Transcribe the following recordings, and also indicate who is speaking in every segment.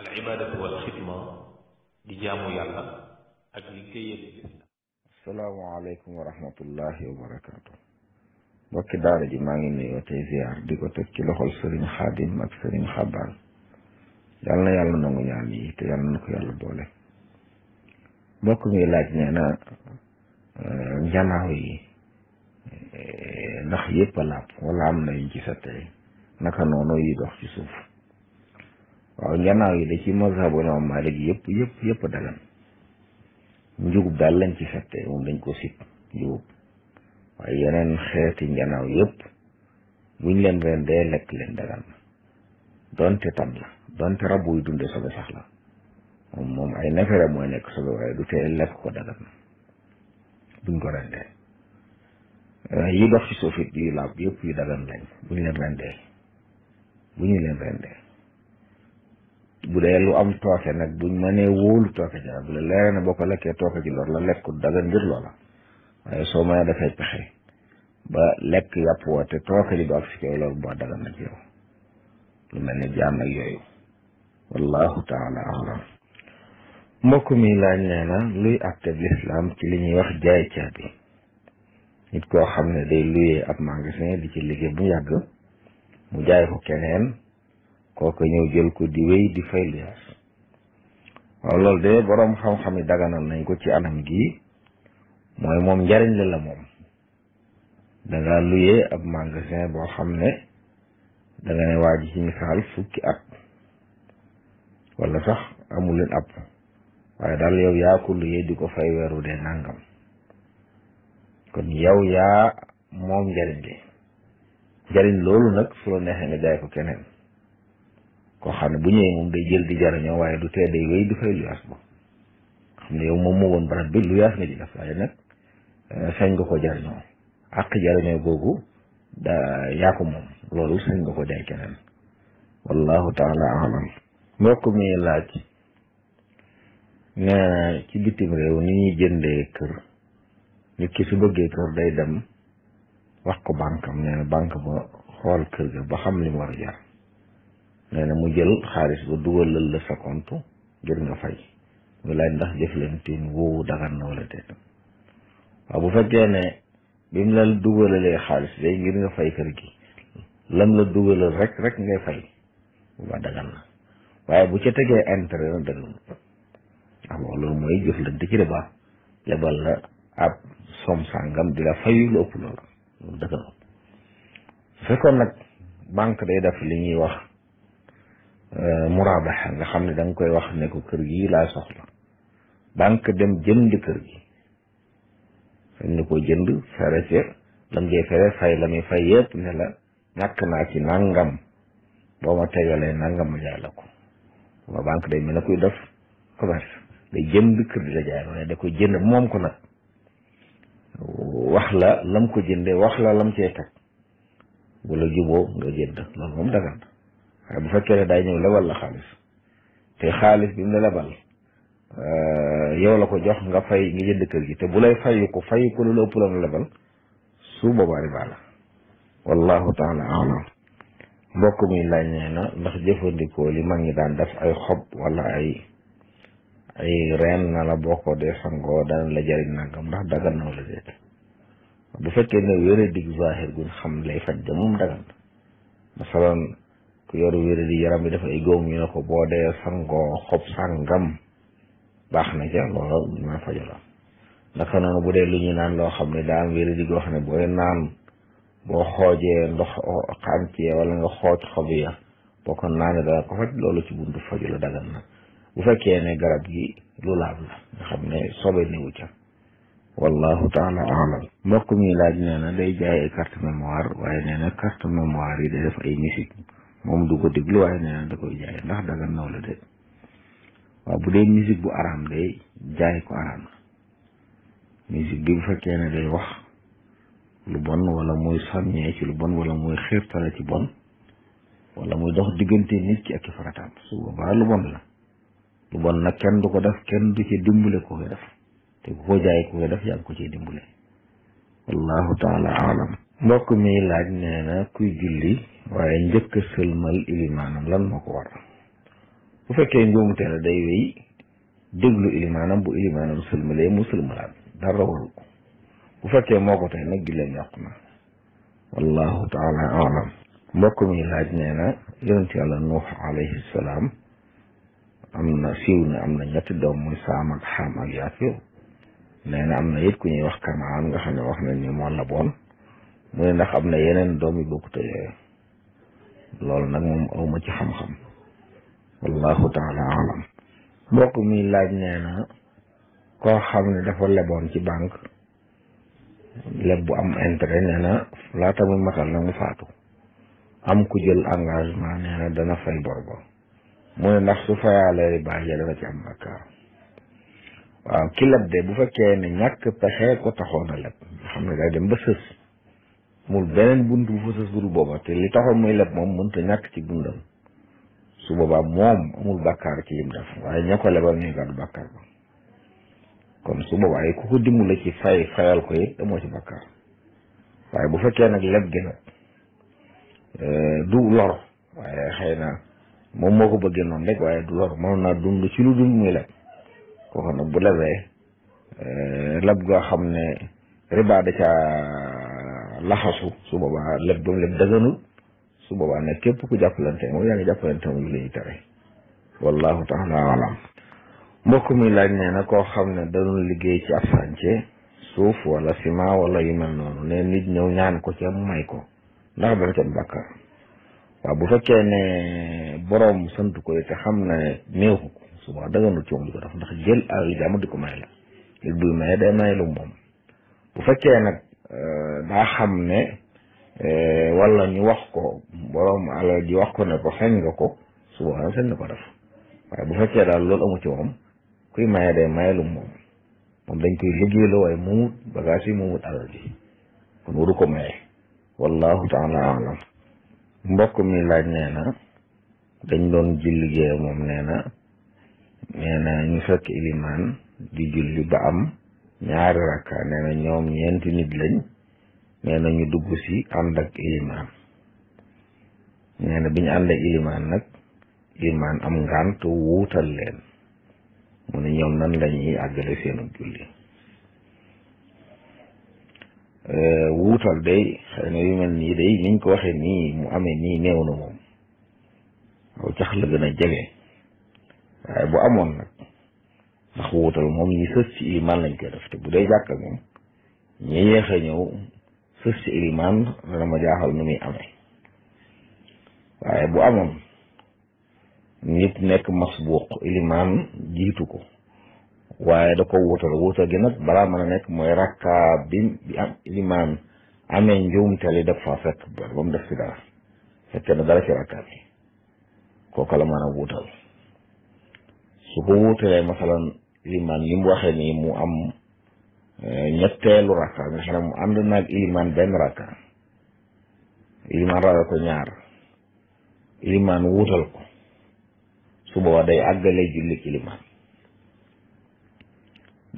Speaker 1: al ibaadatu wal xidma maa ngi ci loxol sëriñ na yàlla nangu te yàlla na ko yàlla boole mbokk mi laaj nee na eh, njanaaw yi eh, ndax a laab wala am na yuñ ci sa tey naka noonu yi dox ci suuf waaw gannaaw yi da ci mazhabu imam malik yëpp yëpp yëpp dagan njugub daal lañ ci fette moom dañ ko sib njugub waaye yeneen yëpp buñ leen ren dee lekk leen dagan donte tan la donte rab buy dunde sobe sax la moom moom ay nefere mooy nekk sobe waaye du tee lekk ko dagan buñ ko rendee eh, yi dox ci suufit yu laab yëpp yu dagan lañ buñ leen rendee bu leen rendee bu dee lu am tooke nag buñ mënee wóolu tooke ci la bu la leeree ne boo ko lekkee tooke ci lor la lekkul dagan ngir loola waaye soo mënee dafay pexe ba lekk yàpp woo te tooke ji du ak si koy loolu boo dagan nag yow lu mel ne jaam ak yooyu wallahu taala alam mbokk mi laaj nee na luy àtteb lislaam ci li ñuy wax jaay caabi nit koo xam ne day luyee ab magasin di ci liggéey bu yàgg mu jaay ko keneen kooku ñëw jël ko di wéy di fay liyaas waaw loolu de boroom xam-xam yi nañ ko ci anam gi mooy moom njariñ la la moom danga luyee ab magasin boo xam ne danga ne waa ji ci misaal fukki at wala sax amuleen ab waaye daal yow yaa ko luyee di ko fay weeru de nàngam kon yow yaa moom njariñ li njariñ loolu nag su la neexee nga jaay ko keneen koo xam ne bu ñëwee moom day jël di jariñoo waaye du tee day wéy di fay luyaas moom xam ne yow moom moo woon barab bi luyaas nga ci def nag eh, sañ nga ko jariñoo àq jariñoo googu da yaa ko moom loolu sañ nga ko jaay keneen wallahu taala alam mbokk mi laaj nee na ci bitim réew ni ñuy jëndee kër nit ki su bëggee kër day dem wax ko banque am nee ba xool kër ga ba xam li war jar nee na mu jël xaalis ba dugalal la sa compte ngir nga fay nga laaj ndax jëflantin woowu dagan na wala déet waaw bu fekkee ne bi mu la dugalalee xaalis day ngir nga fay kër gi lam la dugalal rek rek ngay fay bu ba dagan na waaye bu ca tegee intérêt na dagan waaw loolu mooy jëflante ci riba lebal la ab som sàngam di la fay lu ëpp loola loolu daganul su fekkoon nag banque day def li ñuy wax Euh, muraabaxa nga xam ne da koy wax ne ko kër gi laa soxla banque dem jënd kër gi sañ na koo jënd fere ci lam jee fere fay la muy fay yëpp ne la ñàkk naa ci nangam boo ma tegalee nangam ma jaay la ko waa banque day mel ne kuy def commerce day jënd kër gi la jaay waaye da koy jënd moom ko nag wax la lam ko jëndee wax la lam cee teg wala juboo nga jënd loolu moom dagan waaye bu fekkee ne day ñëw lebal la xaalis te xaalis bi mu la lebal euh, yow la ko jox nga fay nga jënd kër gi te bu lay fayu ko fayu ko lu la ëpp la mu lebal su boobaa riba la wallahu mi laaj nee jëfandikoo li mag ñi daan def ay xob wala ay ay reen na la bokkoo ko dee sangoo daan la jariñ nangam ndax dagan na wala déet bu fekkee ne wéra dig zahir guñ xam lay faj da moom dagan masalan ku yor wér di yaram bi dafay góom ñu ne ko boo dee sangoo xob sàngam baax na ca loola mën a bu dee lu ñu naan loo xam ne daa am di goo xam ne booy naan boo xoojee ndox xàncee wala nga xooj xob ya boo ko naanee dana ko faj loolu ci buntu faju la dagan na bu fekkee ne garab gi lu laab la nga xam ne sobe newu ca wallahu taala alam mbokk mi laaj nee na day jaay ay carte mémoire waaye nee na carte mémoire yi day def ay musique moom du ko déglu waaye nee na da koy jaay ndax dagan na wala déet waaw bu dee musique bu araam day jaay ko araam na musique bi bu fekkee ne wax lu bon wala muy sàmmee ci lu bon wala muy xiirtale ci bon wala muy dox diggante nit ki ak i farataam su boobaa lu bon la lu bon nag kenn du ko def kenn du ci dimbale ko koy def te ku ko jaay ku koy def yaa ngi ko ciy dimbale allahu taala aalam mbokk mi laaj nee na kuy julli waaye njëkk a sëlmal ilimaanam lan moo ko war bu fekkee njuumte la day wéy déglu ilimaanam bu ilimaanam sëlmalee mu sëlmalaat dara waru ko bu fekkee moo ko tey nag julleem yàqu na wallahu taala aalam mbokk mi laaj nee na yonent yàlla nuux alayhi salaam am na siiw am na ñetti doom muy saam yaafir nee na am na it ku ñuy wax karmaan nga xam ne wax nañ ni moo la boon mu ne ndax am na yeneen doom yu bokkute yooyu loolu nag moom awma ci xam-xam wallahu taala alam mbokk mi laaj nee koo xam ne dafa leboon ci banque leb bu am intérêt nee na laata muy matal nag mu faatu am ku jël engagement nee na dana fay bor mu ne ndax su fayaale riba ja dana ci am bakkaar waaw ki leb de bu fekkee ne ñàkk pexe ko taxoon a leb nga xam ne day dem ba sës mul beneen bunt bu fa sës budul booba te li taxoon muy leb moom mënta ñàkk ci dundam su boobaa moom amul bàkkaar ci lim def waaye ña ko lebal ñuy gàddu bàkkaar ba kon su boobaa yi ku ko dimbale ci fay fayal ko it amoo ci bàkkaar waaye bu fekkee nag leb gi nag euh, du lor waaye xëy na moom moo ko bëggee noonu rek waaye du lor mënoon naa dund ci lu dund muy leb kooku nag bu lebee eh, leb goo xam ne riba da laxasu su boobaa leb ba leb daganul su boobaa nag képp ku jàppalante moom yaa ngi jàppalante moom li ñuy tere wallahu taala alam mbokk mi laaj nee na koo xam ne dañu liggéey ci ab sànce suuf wala ciment wala yu noonu ne nit ñëw ñaan ko ci may ko ndax dana ca bàkkaar waaw bu fekkee ne boroom sant ko te xam ne néexu subaa daganul ci moom di ko ko may la jël buy lu moom bu fekkee nag euh, xam ne euh, wala ñu wax ko borom alal wax ko ne ko xeñ nga ko subaa nag bu fekkee daal lool amu ci moom kuy maye day maye lu moom moom dañ koy liggéeyloo waaye moomut bagage yi moomut alal ji kon waru ko maye wallahu taala alam mbokk mi laaj nee dañ doon julli liggéey moom nee na nee na ñu fekk ilimaan di julli ba am ñaari rakka nee na ñoom ñeenti nit lañ nee ñu dugg si ànd ak ilimaan nee na bi ñu ànd ak ilimaan nag ilimaan am ngànt wuutal leen moo ne ñoom nan la ñuy àggale seenu julli euh, wuutal day xëy na yu mel nii day niñ ko waxee nii mu amee nii néew na moom aw cax la gën a jege waaye bu amoon nag ndax wuutal moom ñi sës ci ilimaan lañ koy def te bu dee jàkka moom ñi yéex ñëw sës ci ilimaan dana ma jaaxal nu muy amee waaye bu amoon nit nekk masbuuq ilimaan jiitu ko waaye da ko wuutal wuutal gi nag balaa mën a nekk mooy rakkaa bi bi am ilimaan amee njuumtali def fa fekk ba mu def si dara fekk na dara ci rakkaa bi kooka la mën a wuutal su ko wuutalee masalan liman li mu waxee nii mu am eh, ñetteelu rakka mu ànd naag liman benn rakka liman ragal ko ñaar liman wuutal ko su booba day àggale julli ci liman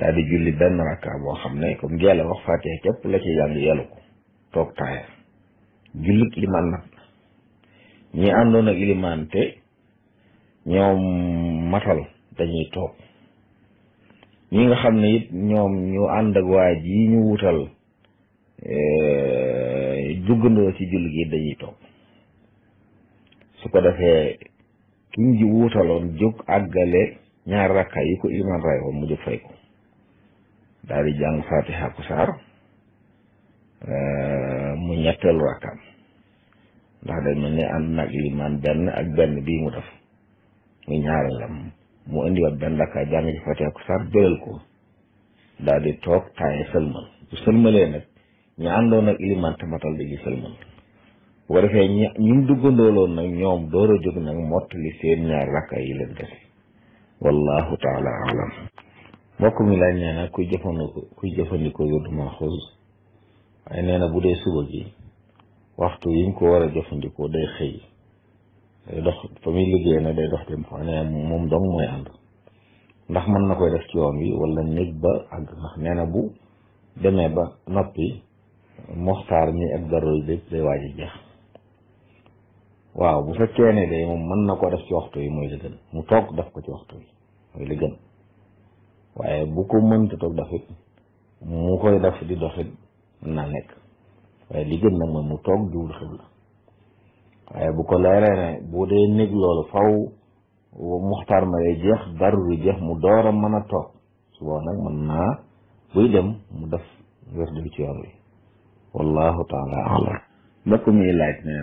Speaker 1: daal julli benn rakka boo xam ne comme geela wax fàttee képp la ci jàng yelu ko toog taaya jullit liman nag ñi àndoon ilimaan te ñoom matal dañuy toog ñi nga xam ne it ñoom ñu ànd ak waa ji ñu wutal eh, juggandoo ci julli gi dañuy toog su ko defee kiñ ji wutaloon jóg àggale ñaar rakka yi ko iman ray mu jóg fay ko daal di jàng fatiha saar eh, mu ñetteelu rakkaam ndax day mel ni nag liman benn ak benn bii mu def mu ñaareelam mu indi benn rakka jàng ci fatiha ku saar ko daal di toog taaye sëlmal bu sëlmalee nag ñu àndoon ak iliman tamatal dañuy sëlmal bu ko defee ñi ñu duggandooloon nag ñoom door a jóg nag mottali seen ñaar rakka yi leen def wallahu taala alam mbokk mi laaj nee na kuy jëfandikoo kuy jëfandikoo yóddu maaxuus waaye bu dee suba gi waxtu yi ko war a jëfandikoo xëy day dox fa muy liggéey nag day dox dem fa ne moom dong mooy ànd ndax mën na koy def ci yoon wi wala néeg ba ak ndax nee bu demee ba noppi moxtaar mi ak daro yi lépp day waaj waaw bu fekkee ne day moom mën na ko def ci waxtu yi mooy li mu toog daf ko ci waxtu yi mooy li gën waaye bu ko mënta toog dafit mu koy def di doxit mën naa nekk waaye li gën nag mooy mu toog di wut xibla waaye bu ko leeree ne bu dee néeg loolu faw muxtaar ma lay jeex daruri jeex mu door a mën a toog su boo nag mën naa buy dem mu def werdu ci yoon wi wallahu taala alam mbokk mi laaj nee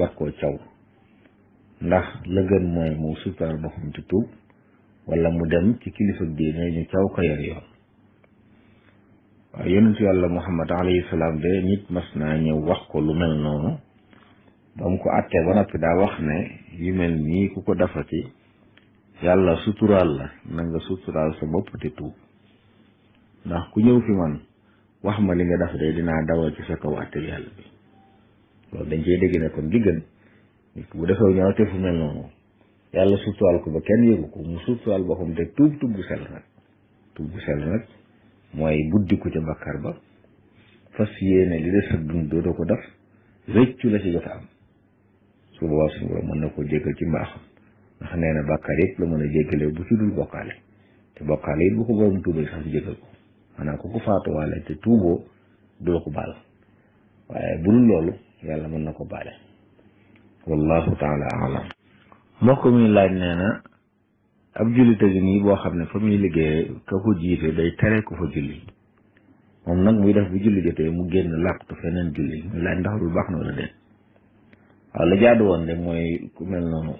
Speaker 1: war koo caw ndax la gën mooy mu sutar boxam te tuub wala mu dem ci kilifa diine ñu caw ko yoon waaw yonent yàlla muhammad alayhi salaam de nit mas naa ñëw wax ko lu mel noonu ba mu ko àttee ba noppi daa wax ne yu mel nii ku ko defati yàlla suturaal la na nga suturaal sa bopp te tuub ndax ku ñëw fi man wax ma li nga def de dinaa dawal ci sa kaw àtte yàlla bi loolu dañ cey dégg ne kon li gën nit bu defew ñaaw te fu mel noonu yàlla suturaal ko ba kenn yëgu ko mu suturaal boppam te tuub tuub tuub bu sell mooy buddiku ca bàkkaar ba fas yéene li des sa dund doo ko def rëccu la ci jot am su boobaa suñu borom mën na koo jéggal ci mbaaxam ndax nee na bàkkaar yëpp la mën a jéggale bu ci dul bokkaale te bokkaale it bu ko borom tuubal sax jéggal ko maanaam ku ko faatuwaale te tuuboo doo ko baal waaye bu dul loolu yàlla mën na ko baale wallahu taala alam mbokk mi laaj nee ab jullite gi nii boo xam ne fa muy liggéeyee ka ko jiite day tere ko fa julli moom nag muy def bu julli jotee mu génn làqtu feneen julli muy laaj ndax lu baax na wala déet waaw la jaadu woon de mooy ku mel noonu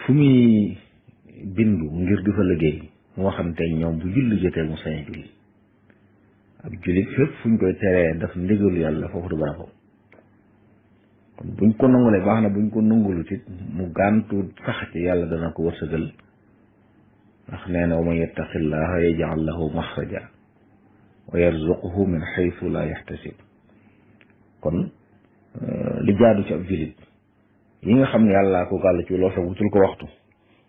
Speaker 1: fu muy bindu ngir di fa liggéey moo xam te ñoom bu julli jotee mu sañ julli ab jullit fépp fu ñu koy teree daf ndigalu yàlla foofu du barabam kon buñ ko nangulee baax na buñ ko nangulut it sax ci yàlla dana ko wërsëgal ndax nee na wa man yattaqillaha yaj'al lahu maxraja wa min xaytu laa yaxtasib kon euh, li ci ab yi nga xam ne yàllaa ko gàll ci loosa wutul ko waxtu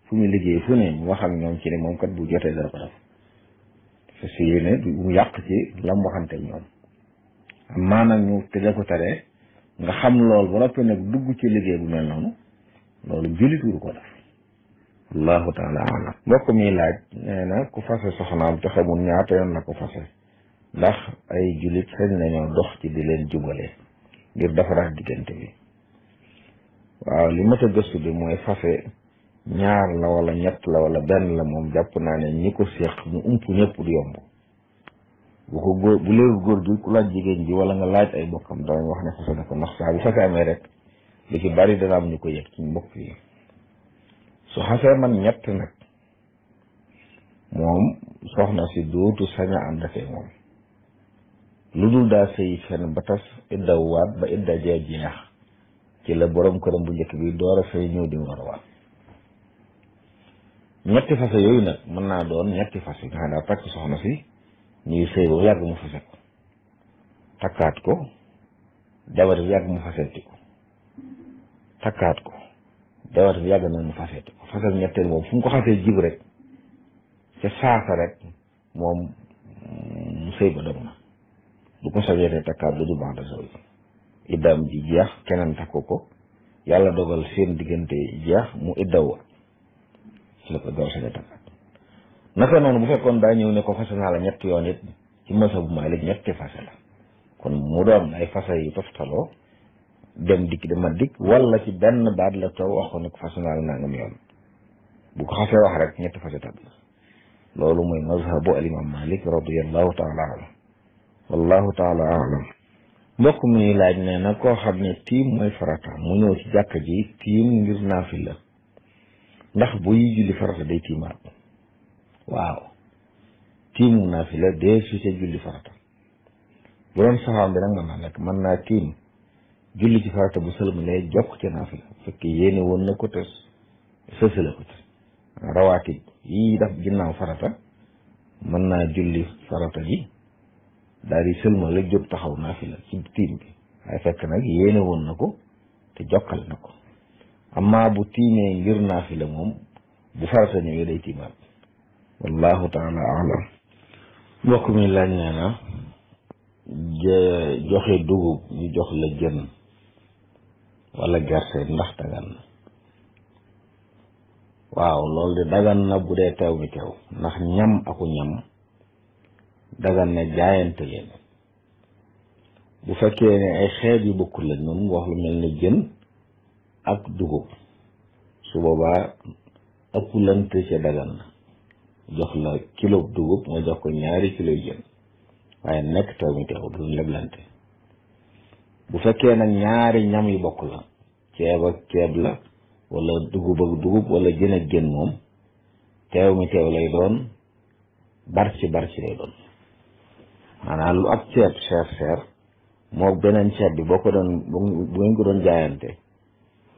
Speaker 1: fu muy liggéey fu ne mu wax ñoom ci ne moom kat jotee dara ko si yéene du mu yàq ci lam waxante ñoom am maanaam ñu tële ko taree nga xam lool ba noppi nag dugg ci liggéey bu mel noonu loolu jullit wuru ko def allahu taala alam mbokk mi laaj nee na ku fase soxnaam te xamul ñaata yoon la ko fase ndax ay jullit xëñ nañoo dox ci di leen jubale ngir defaraat diggante bi waaw li mat a gëstu bi mooy fase ñaar la wala ñett la wala benn la moom jàpp naa ne ñi ko séq mu ump ñëpp du yomb bu ko góor bu léegi góor gi ku laaj jigéen ji wala nga laaj ay bokkam danañ wax ne fase na ko ndax saa fase amee rek li ci bari dana am ñu ko yëg ci mbokk yi su xasee man ñett nag moom soxna si dootu sañ a ànd ak moom lu dul daa sëy fenn ba tas idda waat ba idda jee jeex ci la borom këram bu njëkk bi door a fay ñëw di war ñetti fase yooyu nag mën naa doon ñetti fase nga xam daa takk soxna si ñuy sëy ba yàgg mu ko takkaat bi yàgg mu faseeti ko takkaat ko jabar bi yàgg na mu faseeti ko fasal ñetteel moom fu mu ko xasee jib rek ca saasa rek moom mu mm, sëy ba dog na du ko sañatee takkaat lu du baax da saw iddaam ji jeex keneen takku ko yàlla dogal seen diggante jeex mu iddaw la naka noonu bu fekkoon daa ñëw ne ko fase naa la ñetti yoon it ci masa Maalik ñetti fase la kon mu doon ay fase yu toftaloo dem dikk dama dikk wala ci benn baat la taw waxoon ne ko fase naa la nangam yoon bu ko xasee wax rek ñetti fase tab loolu mooy mazhabu al imam Malik radiallahu alam mbokk mi ñuy laaj ne na koo xam ne tiim mooy farata mu ñëw ci jàkk ji tiim ngir naafila ndax buy julli farata day tiimaat waaw tiimu naafila dee su ca julli farata bu doon saxaan bi nag mën naa nekk mën naa tiim julli ci farata bu sëlmalee jokk ca naafila fekk yéene woon na ci ginnaaw farata mën naa julli farata ji daal di taxaw naafila ci fekk nag yéene na ko te jokkal na ko amma bu tiimee ngir naafila moom bu farata ñëwee day tiimaat wallahu taala alam mbokk mi laaj nee na joxe dugub ñu jox la jën wala gerte ndax dagan na waaw loolu de dagan na bu dee teew bi teew ndax ñam ak ñam dagan na jaayante leen bu fekkee ne ay xeet yu bokkul la moom nga wax lu mel ni jën ak dugub su boobaa ëppulante ca dagan na jox la kilo dugub nga jox ko ñaari kilo jën leblante bu fekkee nag ñaari ñam yu bokk la ceeb ak ceeb la wala dugub ak dugub wala jën ak jën moom teew mi teew lay doon barci barci lay doon maanaam lu ab ceeb cher cher moo beneen ceeb bi boo ko doon bu ngeen ko doon jaayante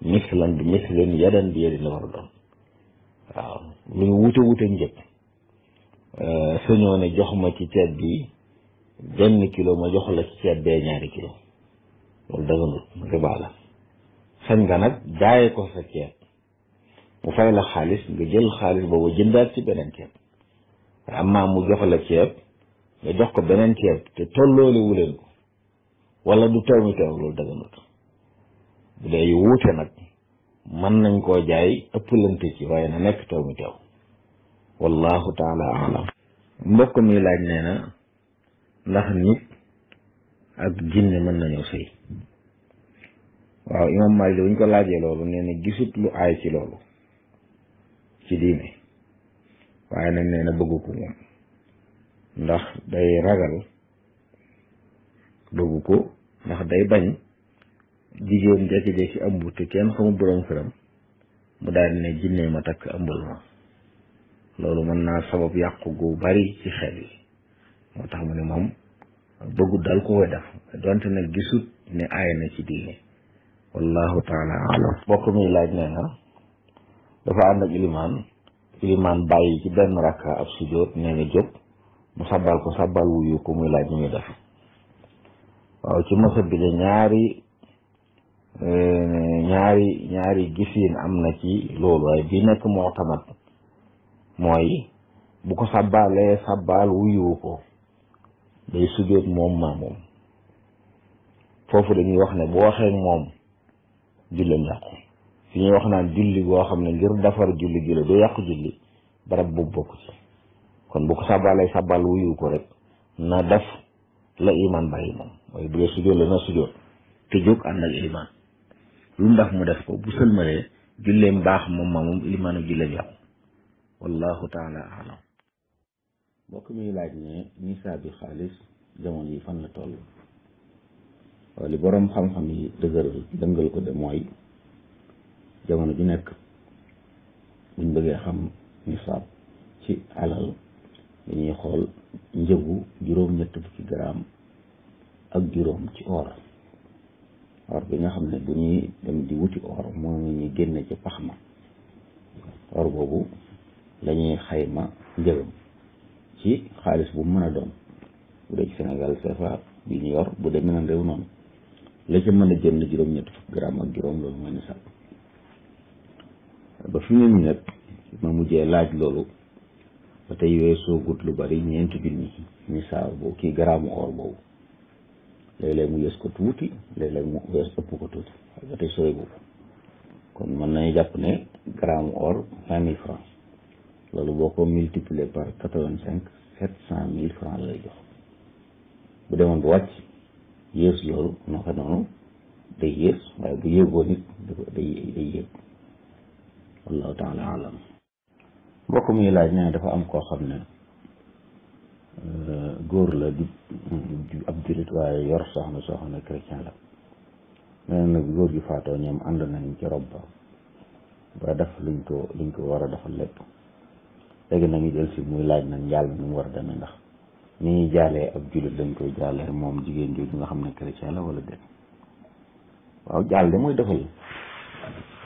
Speaker 1: mix lan bi mix lu wute wute njëkk sañoo euh, ne jox ma ci ceeb bi benn kilo ma jox la ci ceeb bee ñaari kilo loolu daganut riba la nga nag jaay ko sa ceeb mu fay la xaalis nga jël xaalis boobu jëndaat ci beneen ceeb am naa mu jox la ceeb nga jox ko beneen ceeb te tolloole wuleen ko wala du teew mi teew loolu daganut bu dee yu wuute nag mën nañ koo jaay ëpplante ci waaye na nekk teew wallahu taala alam mbokk mi laaj nee na ndax nit ak jinne mën nañoo sëy waaw imam Maalik bu ñu ko laajee loolu nee gisut lu aay ci loolu ci diine waaye nag nee na bëggu ko moom ndax day ragal bëggu ko ndax day bañ jigéen jekki-jekki ëmb te kenn xamul boroom këram mu daal ne jinne ma takk ëmbal ma loolu mën naa sabab yàqu gu bari ci xel yi moo tax mu ne moom bëggu dal ko koy def donte gisut ne aay ci diine wallahu taala alam bokk mi laaj nee na dafa ilimaan bàyyi ci benn rakka ab sujjóot nee na mu sabbal ko sabbal wuyu ko muy laaj ni muy def waaw ci masa bi de ñaari eh, ñaari ñaari am na ci loolu waaye bi nekk moo tamat mooy bu ko sàbbaalee sàbbaal wuyuwu ko day sujjóot moom maa foofu dañuy wax ne bu waxee moom julleem yàqu fi ñuy wax naan julli boo xam ne ngir defar julli gi la du yàqu julli barab boobu bokk ci kon bu ko sàbbaalee sàbbaal wuyuwu ko rek na def la iman bàyyi moom mooy bu la sëlmalee julleem baax moom maa moom imaanu julleem yàqu wallahu taala alam mbokk mi laaj ne nisaa bi xaalis jamono yi fan la toll li boroom xam-xam yi dëgëral dëngal ko de mooy jamono ju nekk buñ bëggee xam nisaab ci alal dañuy xool njëgu juróom-ñett fukki garaam ak juróom ci or or bi nga xam ne bu ñuy dem di wuti or moo ngi ñuy génne ci pax ma or boobu lañuy xayma njëgam ci xaalis bu mën a doon bu dee ci Sénégal CFA bi bu dee meneen réew noonu la ca mën a jënd juróom-ñett fukk gramme ak juróom loolu mooy nisaab ba fi mu ne nag ma mujjee laaj loolu ba tey weesoo gut lu bari ñeenti junni nisaab boobu kii gramme or boobu léeg-léeg mu yées ko tuuti léeg-léeg mu wees ëpp ko tuuti ba tey sore boobu kon mën nañu jàpp ne gramme or vingt mille francs loolu boo ko multiplier par quatre vingt cinq sept cent mille francs lay jox bu demoon bu wàcc yées loolu naka noonu day yées waaye bu yéegoo nit dafa am koo xam ne euh, góor la di ab jullit waaye yor soxna soo xam ne la nee nag góor gi faatoo ñoom ànd nañ ci rob ba ba def luñ ko luñ ko war a defal lépp léegi nag ñu del si muy laaj na njaal mi nu mu war a ndax ni ñuy jaalee ab jullit dañ koy jaalee moom jigéen jooju nga xam ne chrétien la walla déet waaw jaal de mooy defal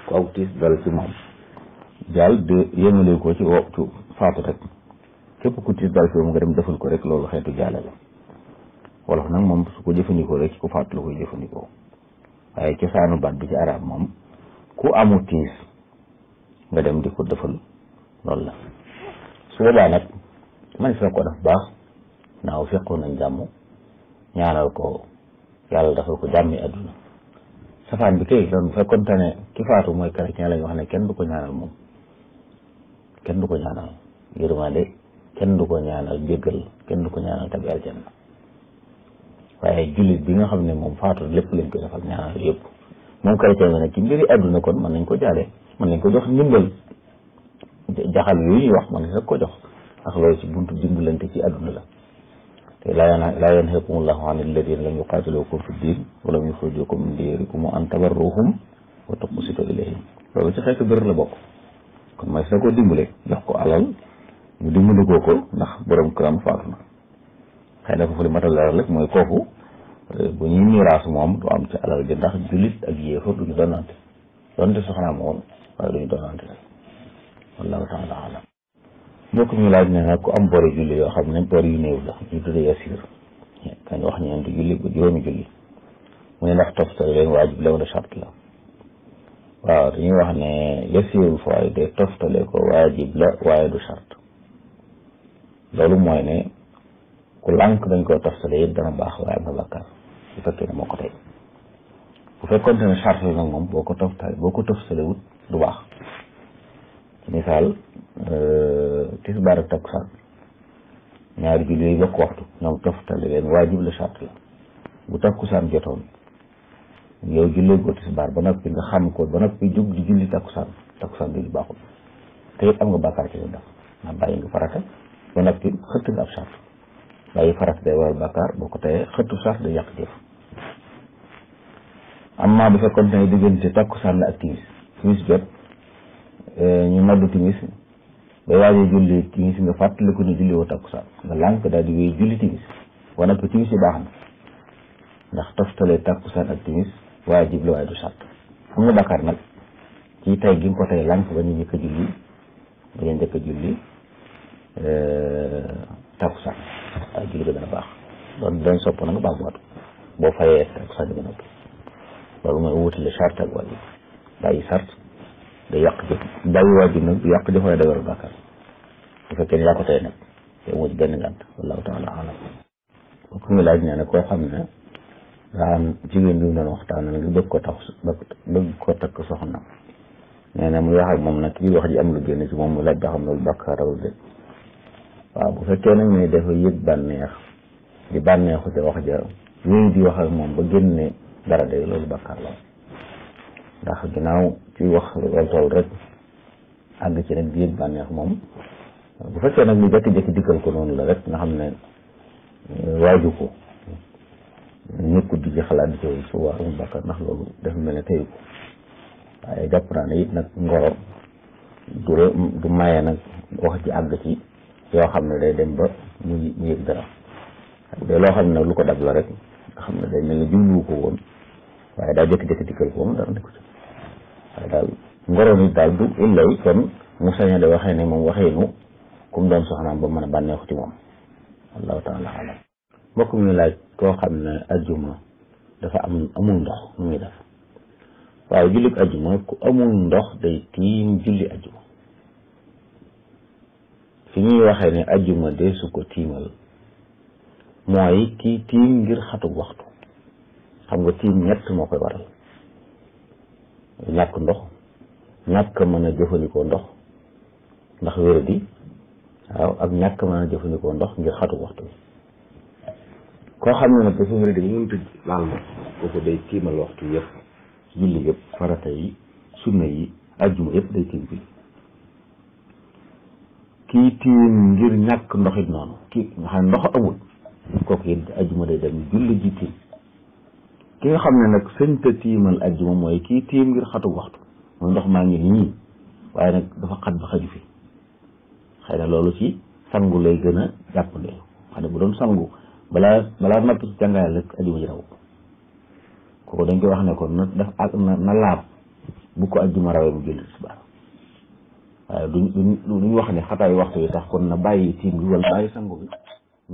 Speaker 1: ko aw tiis dal ci moom jaal de yémale ko rek képp ku tiis nga dem defal ko rek loolu xeetu jaale la wolof nag moom su ko jëfandikoo rek ci ku faatu la koy jëfandikoo waaye cosaanu baat bi ci arab moom ku amu tiis nga dem di ko defal loolu la su boobaa nag man fi ko def baax naaw fekkoon nañ jàmm ñaanal ko yàlla dafa ko jàmmi àdduna safaan bi kay loolu bu fekkoon te ne ki faatu mooy chrétien lañ wax ne kenn du ko ñaanal moom du ko ñaanal yërmande kenn du ko ñaanal jéggal kenn du ko ñaanal tabi aljanna waaye jullit bi nga xam ne moom faatu lépp lañ ko defal ñaanal yëpp moom chrétien bi nag ci mbiri àdduna kon mën nañ ko jaale mën nañ ko jox ndimbal jaxal yooyu ñuy wax ma ne nag ko jox ndax loolu ci buntu dimbalante ci àdduna la te laa yanhaakum llaahu ani lladina lam yuqaatilukum fi ddin wa lam yuxrijukum min diyarikum an tabarruhum wa tuqsitu ilayhim loolu ci xeetu bër la bokk kon may sa ko dimbale jox ko alal ñu dimbale koo ko ndax borom këram faatu na xëy na foofu li matal leeral rek mooy kooku euh, bu ñuy miraas moom du am ci alal bi ndax jullit ak yéefar duñu donante donte soxnaam moom waaye duñu donante wallahu taala alam mbokk mi laaj ne nag am bori julli yoo xam ne bor yu néew la ñu tuddee asiir kañ wax du julli ba juróomi julli mu ne ndax toftale waajib la wala charte la waaw dañuy wax ne yasiru faayda toftale ko waajib la waaye du charte loolu mooy ne ku lànk dañ koo toftale yëpp dana baax waaye am nga bàkkaar bu fekkee ne moo ko tey bu fekkoon ne charte la nag moom boo ko toftale boo ko toftalewut du baax misaal euh, tisbaar ak takkusaan ñaari julli yooyu bokk waxtu ñoom toftale leen waajib la sart la bu takkusaan jotoon yow jullee tisbaar ba noppi nga xam ko ba noppi jug di julli takkusaan takkusaan julli baaxul te it am nga bàkkaar ci la ndax ndax bàyyi nga farata ba noppi xëtt nga ab sart bàyyi farata day waral bàkkaar boo ko teyee xëttu sart day yàq jëf amma bu fekkoon ne diggante takkusaan la ak timis timis jot Eh, ñu noddu timis ba waaje julli timis nga fàttaliku ne julli woo takkusaan nga lànk daal di wéy julli timis wana ko timis yi baax na ndax toftalee takkusaan ak timis waaye jib la waaye du sàtt ci tay gi nga ko tay lànk ba ñu njëkk a julli ñu njëkk a julli eh, takkusaan waaye julli a baax doon doon sopp na nga baax loolu mooy wutale charte ak wàllu bàyyi charte day yàq jëf bàyyi waajur nag yàq jëf waaye day waral bàkkaar bu fekkee ne yaa ko tey nag te xam ne daa am jigéen bi mu doon waxtaanal ko tax ko takk soxna nee na mu wax moom nag kii wax ji am lu génn ci moom mu laaj xam loolu bàkkaar la de waaw bu fekkee nag ne dafa yëg bànneex di bànneexu ca wax ja yooyu di wax ak moom ba génne dara day loolu bàkkaar la ndax ginnaaw ci wax tool rek àgg ci rek biir bànneex moom bu fekkee nag mu jékki-jékki dikkal ko noonu la rek nga xam ne euh, waaju ko nekkul di ci xalaat di ci su waaru bàkkaar ndax loolu def mel ne teyu ko waaye jàpp naa ne it nag ngoro du maye nag wax ci àgg ci yoo xam ne day dem ba muy mu yëg dara bu dee loo xam ne nag lu ko dab la rek nga xam ne day mel ne jubluwu ko woon waaye daa jékki-jékki dikkal ko moom dara nekku ci waaye daal ngoro nit daal du illay kon mu saña de waxee ne moom waxeenu kum doon soxnaam ba mën a bànneexu ci moom wallahu alam mbokk mi laaj koo xam ne ajjuma dafa am amul ndox nu muy def waaw jullit ajjuma ku amul ndox day tiim julli ajjuma fi ñuy waxee ne ajjuma de su ko tiimal mooy kii tiim ngir xatu waxtu xam nga tiim ñett moo koy waral ñàkk ndox ñàkk mën a jëfandikoo ndox ndax wéradi waaw ak ñàkk mën a jëfandikoo ndox ngir xatu waxtu bi koo xam ne nag dafa wéradi bi mënut a laal ndox kooku day tiimal waxtu yëpp julli yëpp farata yi sunna yi ajjuma yëpp day tiim bi kii tiim ngir ñàkk ndox it noonu kii nga ndox amul kooku it day dem julli ji tiim ki nga xam ne nag sëñta tiimal ajjuma mooy kii tiim ngir xatu waxtu mooy ndox maa ngi nii waaye nag dafa xat ba xaju fi xëy na loolu ci sangu lay gën a jàppandee ne bu doon sangu balaa balaa napp ci jàngaayal rek ajjuma ji dañ koy wax ne na daf ak na bu ko ajjuma rawee bu julli tisbaar waaye duñ duñ wax ne xataayu waxtu yi tax kon na bàyyi tiim bi wala bàyyi sangu bi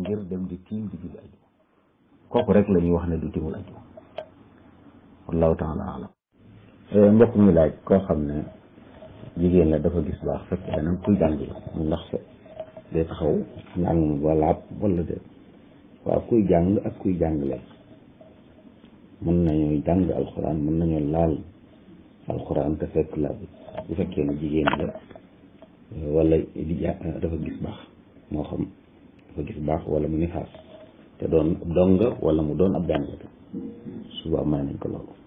Speaker 1: ngir dem di tiim di julli ajjuma kooku rek la wax ne du tiimul ajjuma wallahu taala euh, mbokk mi laaj koo xam ne jigéen la dafa gis baax fekk danam kuy jàng ndax day taxaw njàng de waaw kuy jàng ak kuy jàngale mën jàng alxuraan mën nañoo laal alxuraan te fekk laab bu fekkee ne jigéen la euh, wala di dafa gis baax moo xam dafa gis baax wala mu ni xaas te doon ab donga wala mu doon ab jàngale subaa may nañ ko loolu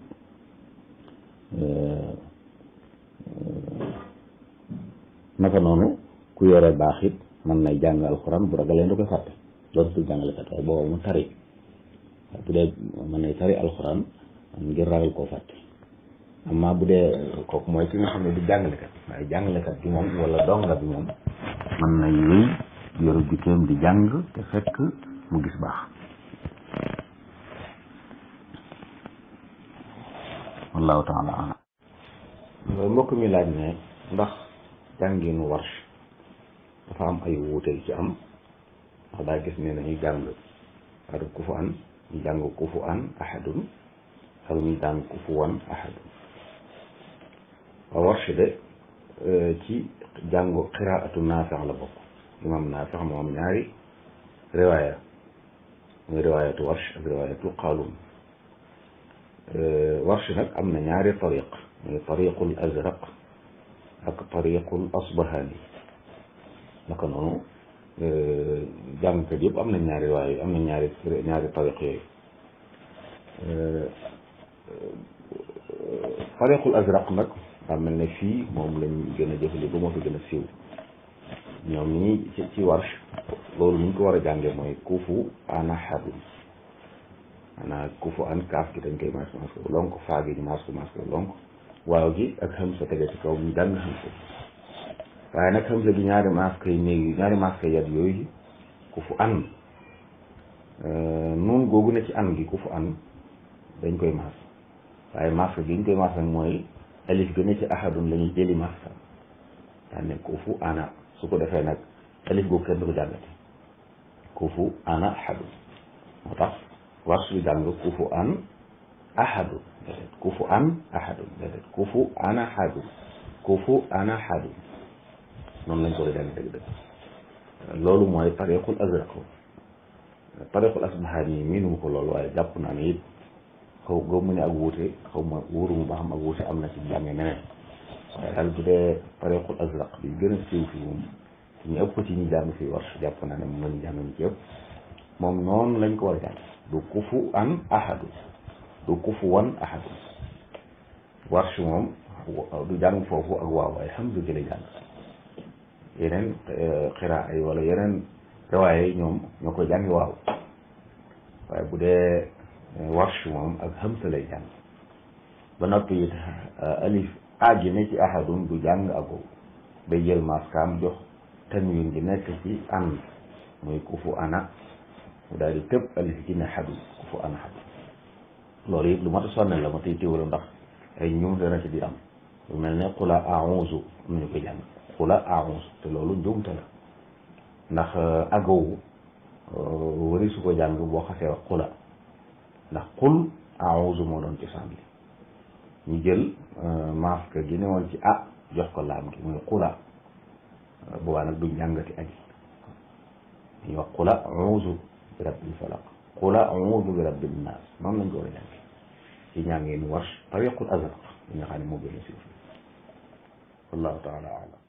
Speaker 1: naka noonu ku yore baax it mën nay jàng alxuraan bu ragalee du koy fàtte dootul jàngalekat waaye booba mu tari bu dee mën nay tari alxuraan ngir ragal koo fàtte amma bu dee kooku mooy ki nga xam ne di jàngalekat waaye jàngalekat bi moom wala donga bi moom mën nay wéy yoru jikkeem di jàng te fekk mu gis baax wallahu taala alam mbokk mi laaj ne ndax jàngin warsh dafa am ay wuute yu ci am ndax daa gis ne dañuy jàng ar kufu an ñu jàng kufu warsh de euh, ci jàngu qiraatu naafi la bokk imam naafi am ñaari riwaaya muy warsh ak riwaayatu qaalun euh, warsh nag am na ñaari tariq muy tariqul azraq ak tariqul asbahani naka noonu e, jàngkat yëpp am na ñaari waaye am na ñaari ñaari tariq yooyu e, tariqul nag daa mel na fii moom lañ gën a jëfandikoo moo fi gën a siiw ñoom ñi ci ci warsh loolu ñu ko war a jàngee mooy kuufu ana xadun ana kuufu an kaaf gi dañ koy mas mas ko faa gi ñu mas ko mas ko waaw gi ak hamza tege ci kaw bu ñu daan hamza waaye gi ñaari maska yi néegi ñaari maska yat yooyu ku fu an euh, noonu googu ne ci an gi ku an dañ koy mas waaye maska gi ñu mooy alif gi ne ci ahadun la ñuy jëli maska daan ne ku ana su ko defee nag alif googu kenn ko jàngate ku ana ahadun moo tax war suy jàng ku fu an ahadun déedéet kufu an ahadun déedéet kufu an ahadun kufu an ahadun noonu lañ ko doon jàng dëgg-dëgg loolu mooy pareexul azraq pareexul asbahaani yi ko loolu waaye jàpp naa ne it xaw mu ne ak wuute xaw ma wóoruma ba xam ak wuute am na ci jànge neneen waaye daal bu dee pareexul azraq bi gën a siiw fii moom ñu ëpp ci ñu jàng fii war jàpp naa ne moom lañ jàng ñu ci ëpp moom noonu lañ ko war jàng du kufu an ahadun du kufuwan ahad warsh moom du jàng foofu ak waaw alhamdu gi la jàng yeneen xiraa eh, yi wala yeneen riwaaya ñoom ñoo koy jàngi waaw waaye bu dee eh, warsh moom ak hamsa lay jàng ba noppi it eh, alif aji ne ci ahadun du jàng ako day jël maskaam jox tanwin gi nekk ci an muy kufu ana mu daal tëb alif gi ne xadu kufu ana xadu loolu it lu mat a sonal la ma tey teewlu ndax ay ñum dana ci di am mel ne xula aouzu am nañu koy jàng xula aouzu te loolu njuumte la ndax euh, agawu euh, wari ko jàng boo xasee wax xula ndax xul aouzu moo doon ci sànni ñu jël euh, masque gi ne woon ci ah jox ko laam gi muy xula boobaa nag duñ jàngati aji ñu wax xula aouzu bi rabbil qul a'uudu bi rabbi nnaas noonu lañ ko war a jàng ci ñaa ngeen warsh tariqul azraq bi nga xam ne moo gën a siiw wallahu taala alam